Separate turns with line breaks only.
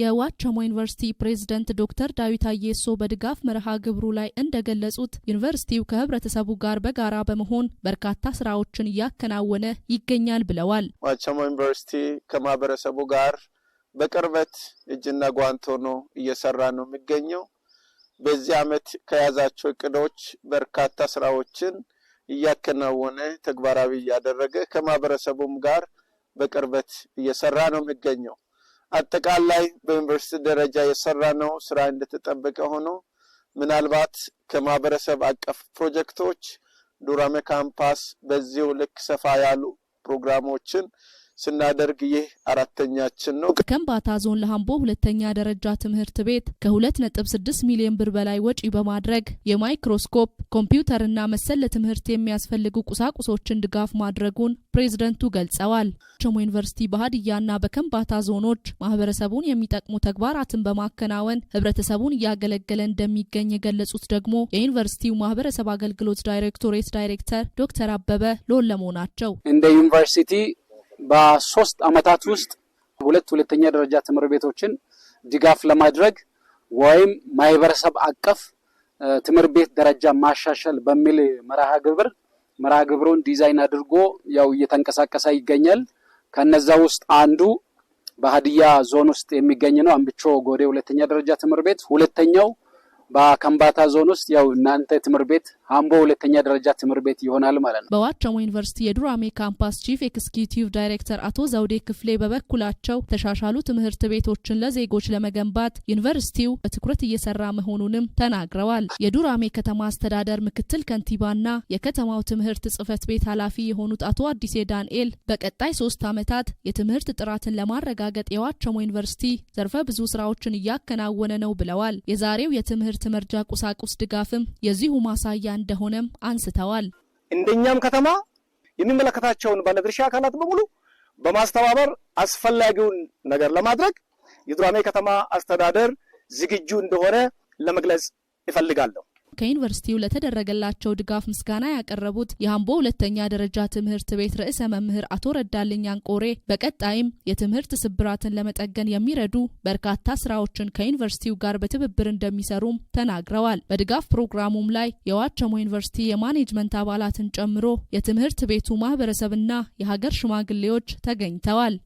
የዋቸሞ ዩኒቨርሲቲ ፕሬዝደንት ዶክተር ዳዊት አየሶ በድጋፍ መርሃ ግብሩ ላይ እንደገለጹት ዩኒቨርሲቲው ከህብረተሰቡ ጋር በጋራ በመሆን በርካታ ስራዎችን እያከናወነ ይገኛል ብለዋል።
ዋቸሞ ዩኒቨርሲቲ ከማህበረሰቡ ጋር በቅርበት እጅና ጓንት ሆኖ እየሰራ ነው የሚገኘው። በዚህ አመት ከያዛቸው እቅዶች በርካታ ስራዎችን እያከናወነ ተግባራዊ እያደረገ ከማህበረሰቡም ጋር በቅርበት እየሰራ ነው የሚገኘው። አጠቃላይ በዩኒቨርሲቲ ደረጃ የሰራ ነው ስራ እንደተጠበቀ ሆኖ ምናልባት ከማህበረሰብ አቀፍ ፕሮጀክቶች ዱራሜ ካምፓስ በዚሁ ልክ ሰፋ ያሉ ፕሮግራሞችን ስናደርግ ይህ አራተኛችን ነው።
ከከምባታ ዞን ለሀምቦ ሁለተኛ ደረጃ ትምህርት ቤት ከ2.6 ሚሊዮን ብር በላይ ወጪ በማድረግ የማይክሮስኮፕ ኮምፒውተርና መሰል ለትምህርት የሚያስፈልጉ ቁሳቁሶችን ድጋፍ ማድረጉን ፕሬዝደንቱ ገልጸዋል። ቸሞ ዩኒቨርሲቲ በሀዲያና በከምባታ ዞኖች ማህበረሰቡን የሚጠቅሙ ተግባራትን በማከናወን ህብረተሰቡን እያገለገለ እንደሚገኝ የገለጹት ደግሞ የዩኒቨርሲቲው ማህበረሰብ አገልግሎት ዳይሬክቶሬት ዳይሬክተር ዶክተር አበበ ሎለሞ ናቸው።
እንደ ዩኒቨርሲቲ በሶስት አመታት ውስጥ ሁለት ሁለተኛ ደረጃ ትምህርት ቤቶችን ድጋፍ ለማድረግ ወይም ማህበረሰብ አቀፍ ትምህርት ቤት ደረጃ ማሻሻል በሚል መርሃ ግብር መርሃ ግብሩን ዲዛይን አድርጎ ያው እየተንቀሳቀሰ ይገኛል። ከነዛ ውስጥ አንዱ በሀዲያ ዞን ውስጥ የሚገኝ ነው፣ አምብቾ ጎዴ ሁለተኛ ደረጃ ትምህርት ቤት ሁለተኛው በከምባታ ዞን ውስጥ ያው እናንተ ትምህርት ቤት አምቦ ሁለተኛ ደረጃ ትምህርት ቤት ይሆናል ማለት
ነው። በዋቸሞ ዩኒቨርሲቲ የዱራሜ ካምፓስ ቺፍ ኤክስኪዩቲቭ ዳይሬክተር አቶ ዘውዴ ክፍሌ በበኩላቸው ተሻሻሉ ትምህርት ቤቶችን ለዜጎች ለመገንባት ዩኒቨርሲቲው በትኩረት እየሰራ መሆኑንም ተናግረዋል። የዱራሜ ከተማ አስተዳደር ምክትል ከንቲባና የከተማው ትምህርት ጽህፈት ቤት ኃላፊ የሆኑት አቶ አዲሴ ዳንኤል በቀጣይ ሶስት ዓመታት የትምህርት ጥራትን ለማረጋገጥ የዋቸሞ ዩኒቨርሲቲ ዘርፈ ብዙ ስራዎችን እያከናወነ ነው ብለዋል። የዛሬው የትምህርት የትምህርት መርጃ ቁሳቁስ ድጋፍም የዚሁ ማሳያ እንደሆነም አንስተዋል።
እንደኛም ከተማ የሚመለከታቸውን ባለድርሻ አካላት በሙሉ በማስተባበር አስፈላጊውን ነገር ለማድረግ የዱራሜ ከተማ አስተዳደር ዝግጁ እንደሆነ ለመግለጽ እፈልጋለሁ።
ከዩኒቨርሲቲው ለተደረገላቸው ድጋፍ ምስጋና ያቀረቡት የአምቦ ሁለተኛ ደረጃ ትምህርት ቤት ርዕሰ መምህር አቶ ረዳልኝ አንቆሬ በቀጣይም የትምህርት ስብራትን ለመጠገን የሚረዱ በርካታ ስራዎችን ከዩኒቨርሲቲው ጋር በትብብር እንደሚሰሩም ተናግረዋል። በድጋፍ ፕሮግራሙም ላይ የዋቸሞ ዩኒቨርሲቲ የማኔጅመንት አባላትን ጨምሮ የትምህርት ቤቱ ማህበረሰብና የሀገር ሽማግሌዎች ተገኝተዋል።